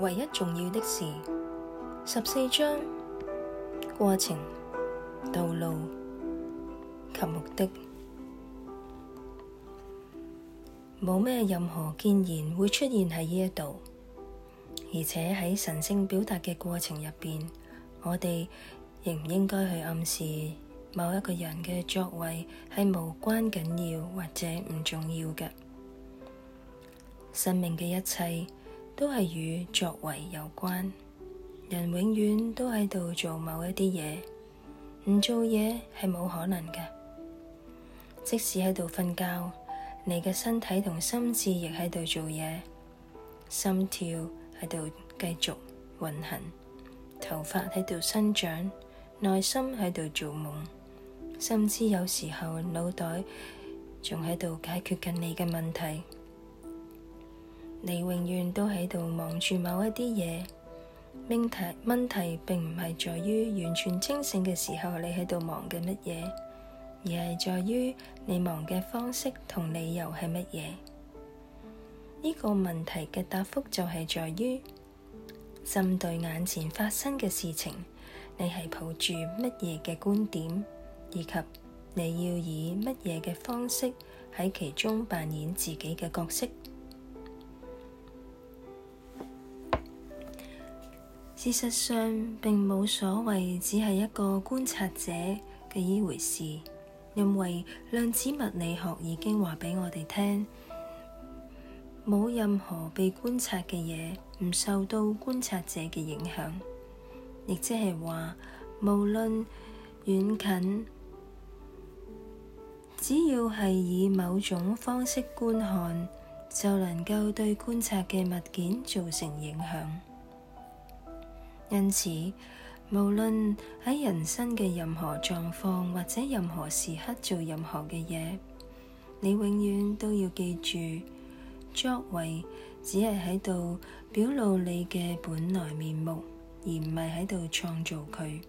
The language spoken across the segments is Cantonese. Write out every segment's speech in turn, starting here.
唯一重要的事，十四章過程、道路及目的，冇咩任何建言，會出現喺呢一度。而且喺神聖表達嘅過程入邊，我哋仍唔應該去暗示某一個人嘅作為係無關緊要或者唔重要嘅。生命嘅一切。都係與作為有關，人永遠都喺度做某一啲嘢，唔做嘢係冇可能嘅。即使喺度瞓覺，你嘅身體同心智亦喺度做嘢，心跳喺度繼續運行，頭髮喺度生長，內心喺度做夢，甚至有時候腦袋仲喺度解決緊你嘅問題。你永遠都喺度忙住某一啲嘢，問題，問題並唔係在於完全清醒嘅時候，你喺度忙嘅乜嘢，而係在於你忙嘅方式同理由係乜嘢？呢個問題嘅答覆就係在於，針對眼前發生嘅事情，你係抱住乜嘢嘅觀點，以及你要以乜嘢嘅方式喺其中扮演自己嘅角色。事實上，並冇所謂只係一個觀察者嘅依回事，因為量子物理學已經話俾我哋聽，冇任何被觀察嘅嘢唔受到觀察者嘅影響，亦即係話，無論遠近，只要係以某種方式觀看，就能夠對觀察嘅物件造成影響。因此，無論喺人生嘅任何狀況或者任何時刻做任何嘅嘢，你永遠都要記住，作為只係喺度表露你嘅本來面目，而唔係喺度創造佢。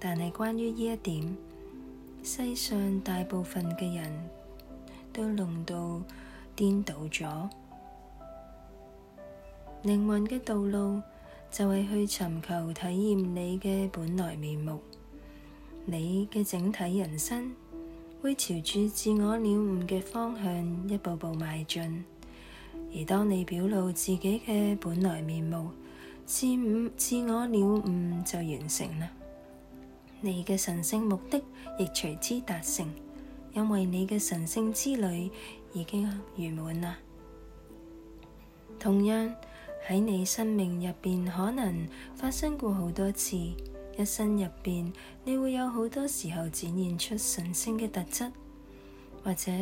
但係關於呢一點，世上大部分嘅人都弄到顛倒咗。靈魂嘅道路。就係去尋求體驗你嘅本來面目，你嘅整體人生會朝住自我了悟嘅方向一步步邁進。而當你表露自己嘅本來面目，自悟、自我了悟就完成啦。你嘅神聖目的亦隨之達成，因為你嘅神聖之旅已經圓滿啦。同樣。喺你生命入邊，可能發生過好多次。一生入邊，你會有好多時候展現出神聖嘅特質，或者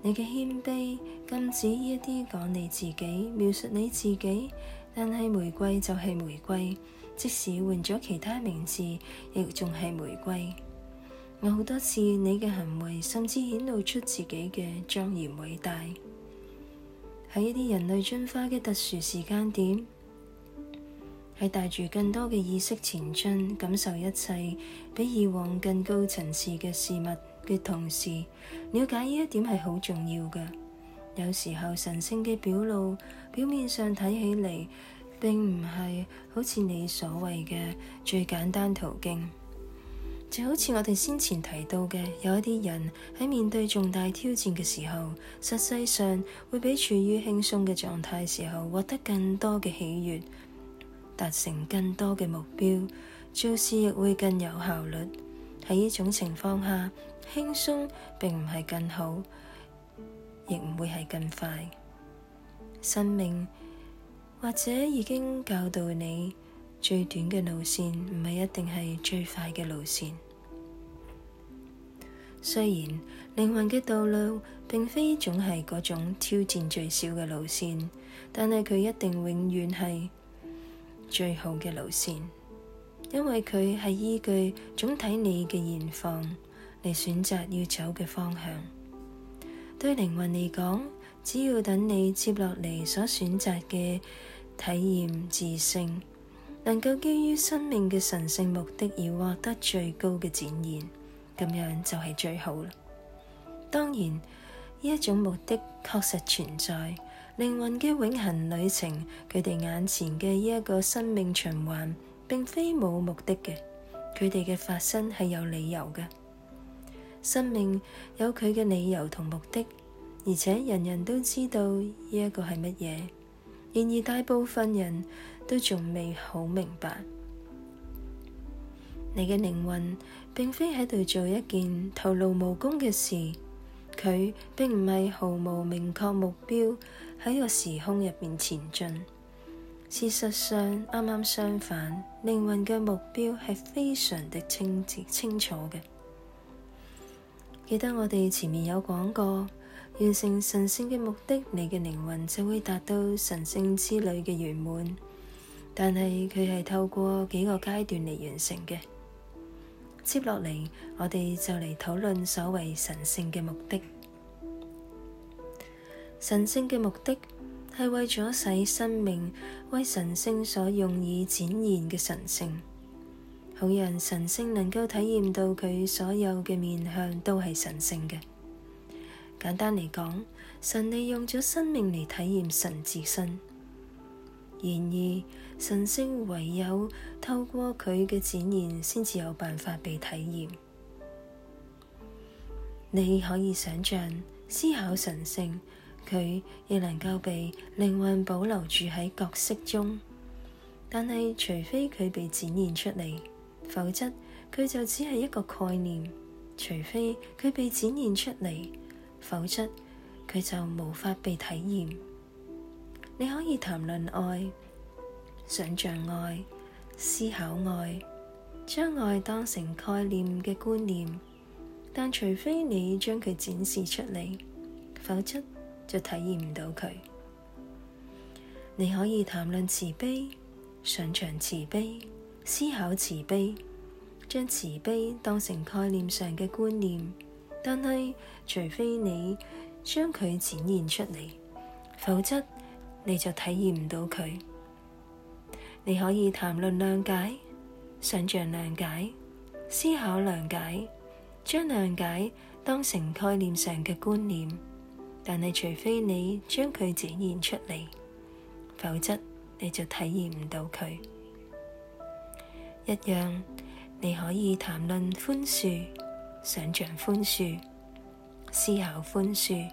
你嘅謙卑、噉子依一啲講你自己、描述你自己。但係玫瑰就係玫瑰，即使換咗其他名字，亦仲係玫瑰。有好多次，你嘅行為甚至顯露出自己嘅莊嚴偉大。喺一啲人類進化嘅特殊時間點，係帶住更多嘅意識前進，感受一切比以往更高層次嘅事物嘅同時，了解呢一點係好重要嘅。有時候神聖嘅表露，表面上睇起嚟並唔係好似你所謂嘅最簡單途徑。就好似我哋先前提到嘅，有一啲人喺面對重大挑戰嘅時候，實際上會比處於輕鬆嘅狀態時候獲得更多嘅喜悅，達成更多嘅目標，做事亦會更有效率。喺呢種情況下，輕鬆並唔係更好，亦唔會係更快。生命或者已經教導你。最短嘅路線唔係一定係最快嘅路線。雖然靈魂嘅道路並非總係嗰種挑戰最少嘅路線，但係佢一定永遠係最好嘅路線，因為佢係依據總體你嘅現況嚟選擇要走嘅方向。對靈魂嚟講，只要等你接落嚟所選擇嘅體驗自勝。能夠基於生命嘅神聖目的而獲得最高嘅展現，咁樣就係最好啦。當然，呢一種目的確實存在。靈魂嘅永恒旅程，佢哋眼前嘅呢一個生命循環，並非冇目的嘅。佢哋嘅發生係有理由嘅。生命有佢嘅理由同目的，而且人人都知道呢一個係乜嘢。然而，大部分人都仲未好明白，你嘅靈魂並非喺度做一件徒勞無功嘅事，佢並唔係毫無明確目標喺個時空入面前進。事實上，啱啱相反，靈魂嘅目標係非常的清清清楚嘅。記得我哋前面有講過。完成神聖嘅目的，你嘅靈魂就會達到神聖之旅嘅圓滿。但係佢係透過幾個階段嚟完成嘅。接落嚟，我哋就嚟討論所謂神聖嘅目的。神聖嘅目的係為咗使生命為神聖所用以展現嘅神聖，好讓神聖能夠體驗到佢所有嘅面向都係神聖嘅。簡單嚟講，神利用咗生命嚟體驗神自身。然而，神性唯有透過佢嘅展現，先至有辦法被體驗。你可以想象，思考神性，佢亦能夠被靈魂保留住喺角色中。但係，除非佢被展現出嚟，否則佢就只係一個概念。除非佢被展現出嚟。否則，佢就無法被體驗。你可以談論愛、想象愛、思考愛，將愛當成概念嘅觀念，但除非你將佢展示出嚟，否則就體驗唔到佢。你可以談論慈悲、想象慈悲、思考慈悲，將慈悲當成概念上嘅觀念。但係，除非你將佢展現出嚟，否則你就體驗唔到佢。你可以談論諒解、想象諒解、思考諒解，將諒解當成概念上嘅觀念。但係，除非你將佢展現出嚟，否則你就體驗唔到佢。一樣，你可以談論寬恕。想象寬恕，思考寬恕，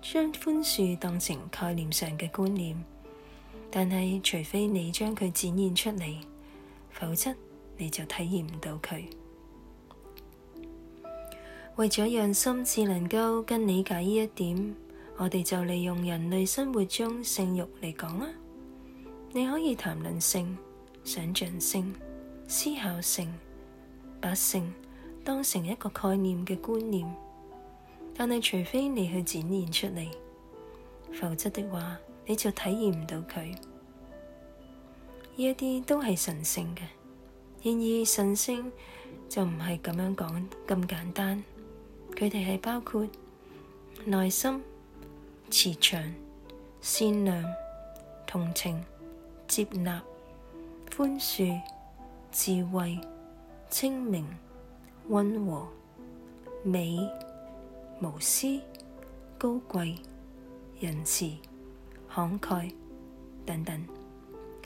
將寬恕當成概念上嘅觀念，但係除非你將佢展現出嚟，否則你就體驗唔到佢。為咗讓心智能夠跟你理解依一點，我哋就利用人類生活中性欲嚟講啊！你可以談論性、想象性、思考性，把性。當成一個概念嘅觀念，但係除非你去展現出嚟，否則的話你就體驗唔到佢。呢一啲都係神聖嘅，然而神聖就唔係咁樣講咁簡單，佢哋係包括耐心、慈祥、善良、同情、接納、寬恕、智慧、清明。溫和、美、無私、高貴、仁慈、慷慨等等，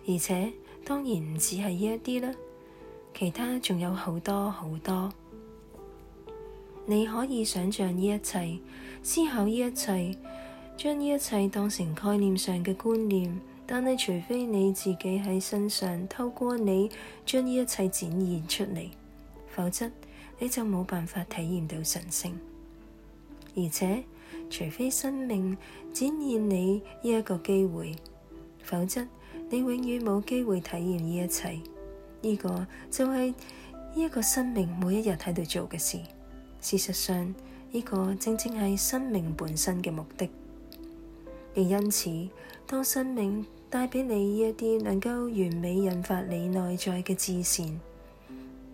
而且當然唔止係呢一啲啦，其他仲有好多好多。你可以想象呢一切，思考呢一切，將呢一切當成概念上嘅觀念，但係除非你自己喺身上，透過你將呢一切展現出嚟，否則，你就冇辦法體驗到神聖，而且除非生命展現你呢一個機會，否則你永遠冇機會體驗呢一切。呢、這個就係呢一個生命每一日喺度做嘅事。事實上，呢、這個正正係生命本身嘅目的。亦因此，當生命帶畀你一啲能夠完美引發你內在嘅自善。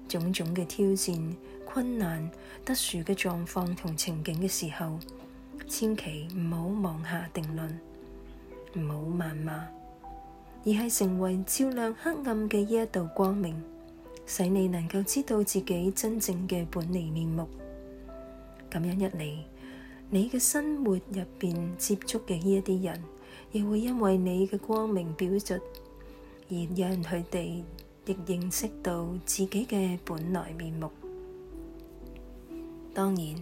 種種嘅挑戰、困難、特殊嘅狀況同情景嘅時候，千祈唔好妄下定論，唔好謾罵，而係成為照亮黑暗嘅呢一道光明，使你能夠知道自己真正嘅本嚟面目。咁樣一嚟，你嘅生活入邊接觸嘅呢一啲人，亦會因為你嘅光明表著，而讓佢哋，亦認識到自己嘅本來面目。當然，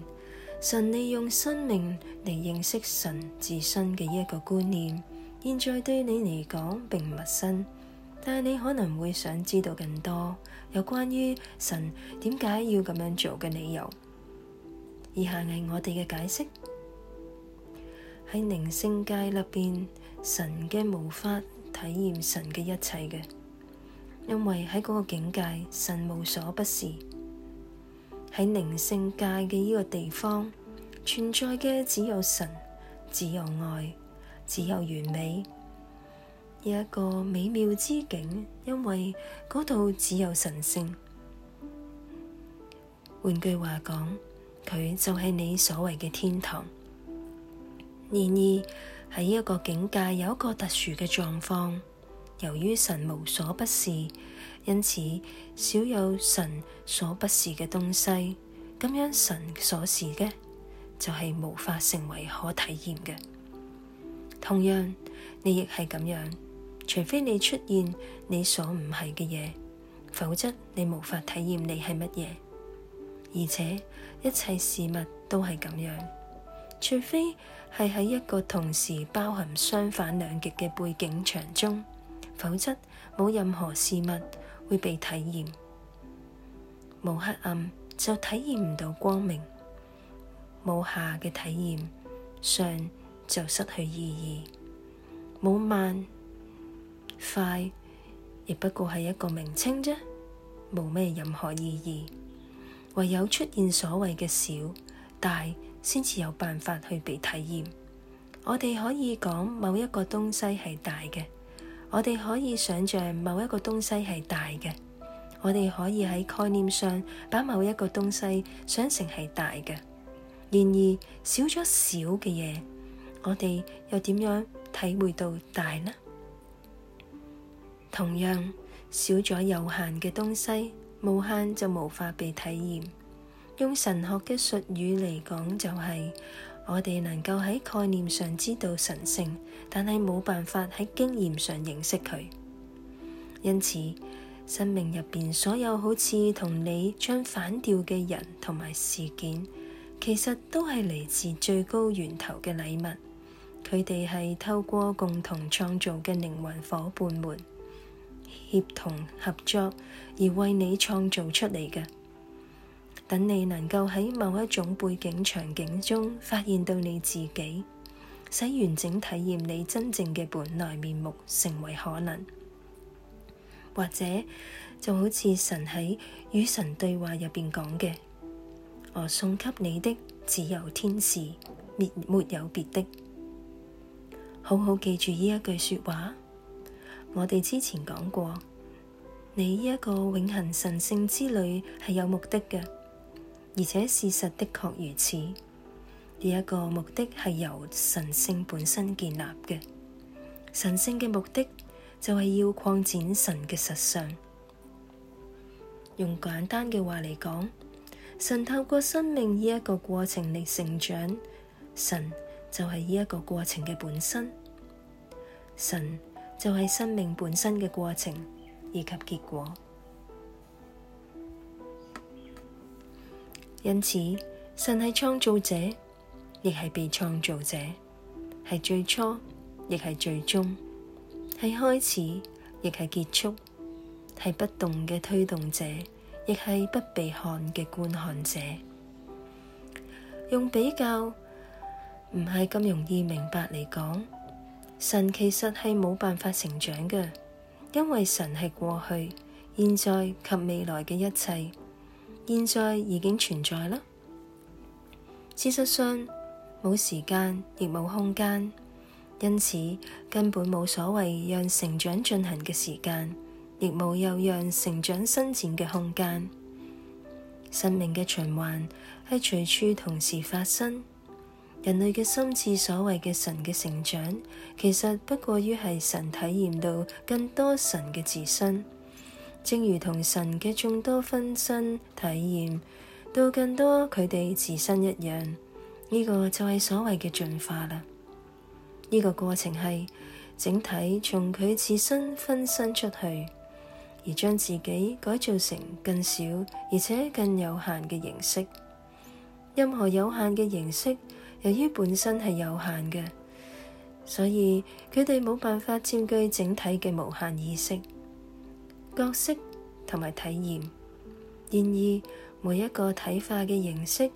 神利用生命嚟認識神自身嘅一個觀念，現在對你嚟講並唔陌生，但係你可能會想知道更多有關於神點解要咁樣做嘅理由。以下係我哋嘅解釋。喺靈性界入邊，神嘅無法體驗神嘅一切嘅。因為喺嗰個境界，神無所不是。喺靈性界嘅呢個地方，存在嘅只有神，只有愛，只有完美，有一個美妙之境。因為嗰度只有神聖。換句話講，佢就係你所謂嘅天堂。然而喺呢一個境界有一個特殊嘅狀況。由於神無所不是，因此少有神所不是嘅東西。咁樣，神所是嘅就係、是、無法成為可體驗嘅。同樣，你亦係咁樣，除非你出現你所唔係嘅嘢，否則你無法體驗你係乜嘢。而且一切事物都係咁樣，除非係喺一個同時包含相反兩極嘅背景場中。否則冇任何事物會被體驗，冇黑暗就體驗唔到光明，冇下嘅體驗上就失去意義，冇慢快亦不過係一個名稱啫，冇咩任何意義。唯有出現所謂嘅小大，先至有辦法去被體驗。我哋可以講某一個東西係大嘅。我哋可以想象某一個東西係大嘅，我哋可以喺概念上把某一個東西想成係大嘅。然而少咗小嘅嘢，我哋又點樣體會到大呢？同樣少咗有限嘅東西，無限就無法被體驗。用神學嘅術語嚟講，就是，就係我哋能夠喺概念上知道神聖，但係冇辦法喺經驗上認識佢，因此生命入邊所有好似同你唱反調嘅人同埋事件，其實都係嚟自最高源頭嘅禮物。佢哋係透過共同創造嘅靈魂伙伴們協同合作而為你創造出嚟嘅。等你能夠喺某一種背景場景中發現到你自己。使完整體驗你真正嘅本來面目成為可能，或者就好似神喺與神對話入邊講嘅：我送給你的只有天使，滅沒有別的。好好記住呢一句說話。我哋之前講過，你呢一個永恒神聖之旅係有目的嘅，而且事實的確如此。呢一個目的係由神聖本身建立嘅。神聖嘅目的就係要擴展神嘅實相。用簡單嘅話嚟講，神透過生命呢一個過程嚟成長，神就係呢一個過程嘅本身。神就係生命本身嘅過程以及結果。因此，神係創造者。亦係被創造者，係最初，亦係最終，係開始，亦係結束，係不動嘅推動者，亦係不被看嘅觀看者。用比較唔係咁容易明白嚟講，神其實係冇辦法成長嘅，因為神係過去、現在及未來嘅一切，現在已經存在啦。事實上。冇時間亦冇空間，因此根本冇所謂讓成長進行嘅時間，亦冇有讓成長伸展嘅空間。生命嘅循環係隨處同時發生。人類嘅心智所謂嘅神嘅成長，其實不過於係神體驗到更多神嘅自身，正如同神嘅眾多分身體驗到更多佢哋自身一樣。呢個就係所謂嘅進化啦。呢個過程係整體從佢自身分身出去，而將自己改造成更小而且更有限嘅形式。任何有限嘅形式，由於本身係有限嘅，所以佢哋冇辦法佔據整體嘅無限意識、角色同埋體驗。然而，每一個體化嘅形式，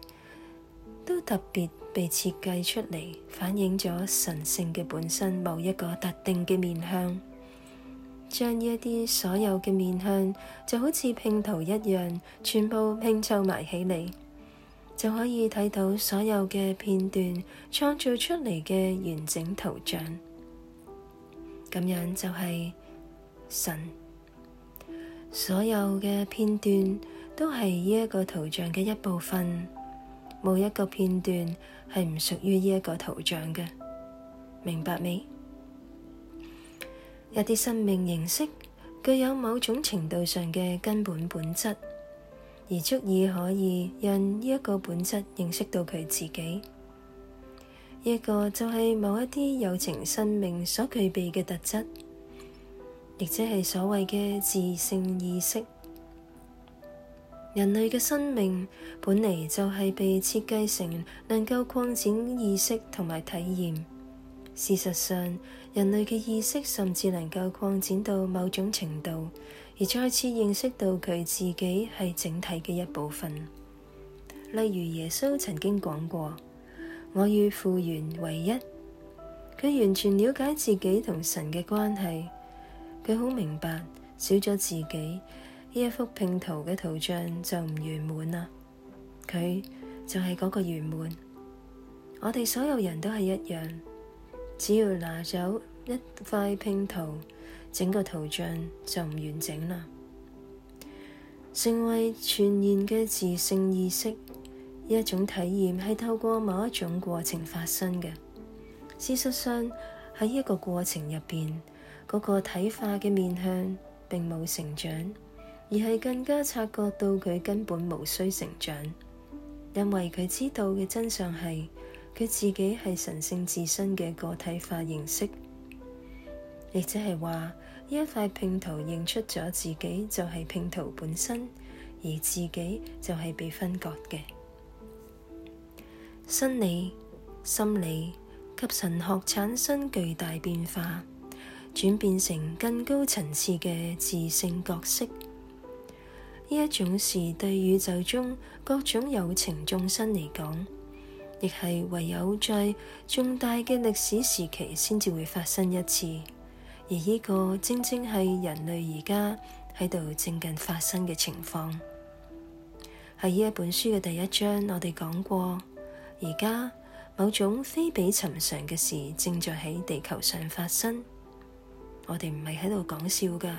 都特別被設計出嚟，反映咗神聖嘅本身某一個特定嘅面向。將呢一啲所有嘅面向，就好似拼圖一樣，全部拼湊埋起嚟，就可以睇到所有嘅片段創造出嚟嘅完整圖像。咁樣就係神，所有嘅片段都係呢一個圖像嘅一部分。冇一個片段係唔屬於呢一個圖像嘅，明白未？一啲生命形式具有某種程度上嘅根本本質，而足以可以讓呢一個本質認識到佢自己。呢一個就係某一啲有情生命所具備嘅特質，亦即係所謂嘅自性意識。人類嘅生命本嚟就係被設計成能夠擴展意識同埋體驗。事實上，人類嘅意識甚至能夠擴展到某種程度，而再次認識到佢自己係整體嘅一部分。例如耶穌曾經講過：我與父原為一。佢完全了解自己同神嘅關係，佢好明白，少咗自己，呢一幅拼圖嘅圖像就唔圓滿啦。佢就係嗰個圓滿。我哋所有人都係一樣，只要拿走一塊拼圖，整個圖像就唔完整啦。成為全然嘅自性意識，呢一種體驗係透過某一種過程發生嘅。事實上喺呢一個過程入邊，嗰個體化嘅面向並冇成長，而係更加察覺到佢根本無需成長，因為佢知道嘅真相係佢自己係神聖自身嘅個體化形式，亦即係話呢一塊拼圖認出咗自己就係拼圖本身，而自己就係被分割嘅生理、心理及神學產生巨大變化，轉變成更高層次嘅自性角色。呢一種事對宇宙中各種有情眾生嚟講，亦係唯有在重大嘅歷史時期先至會發生一次。而呢個正正係人類而家喺度正近發生嘅情況。喺呢一本書嘅第一章，我哋講過，而家某種非比尋常嘅事正在喺地球上發生。我哋唔係喺度講笑㗎。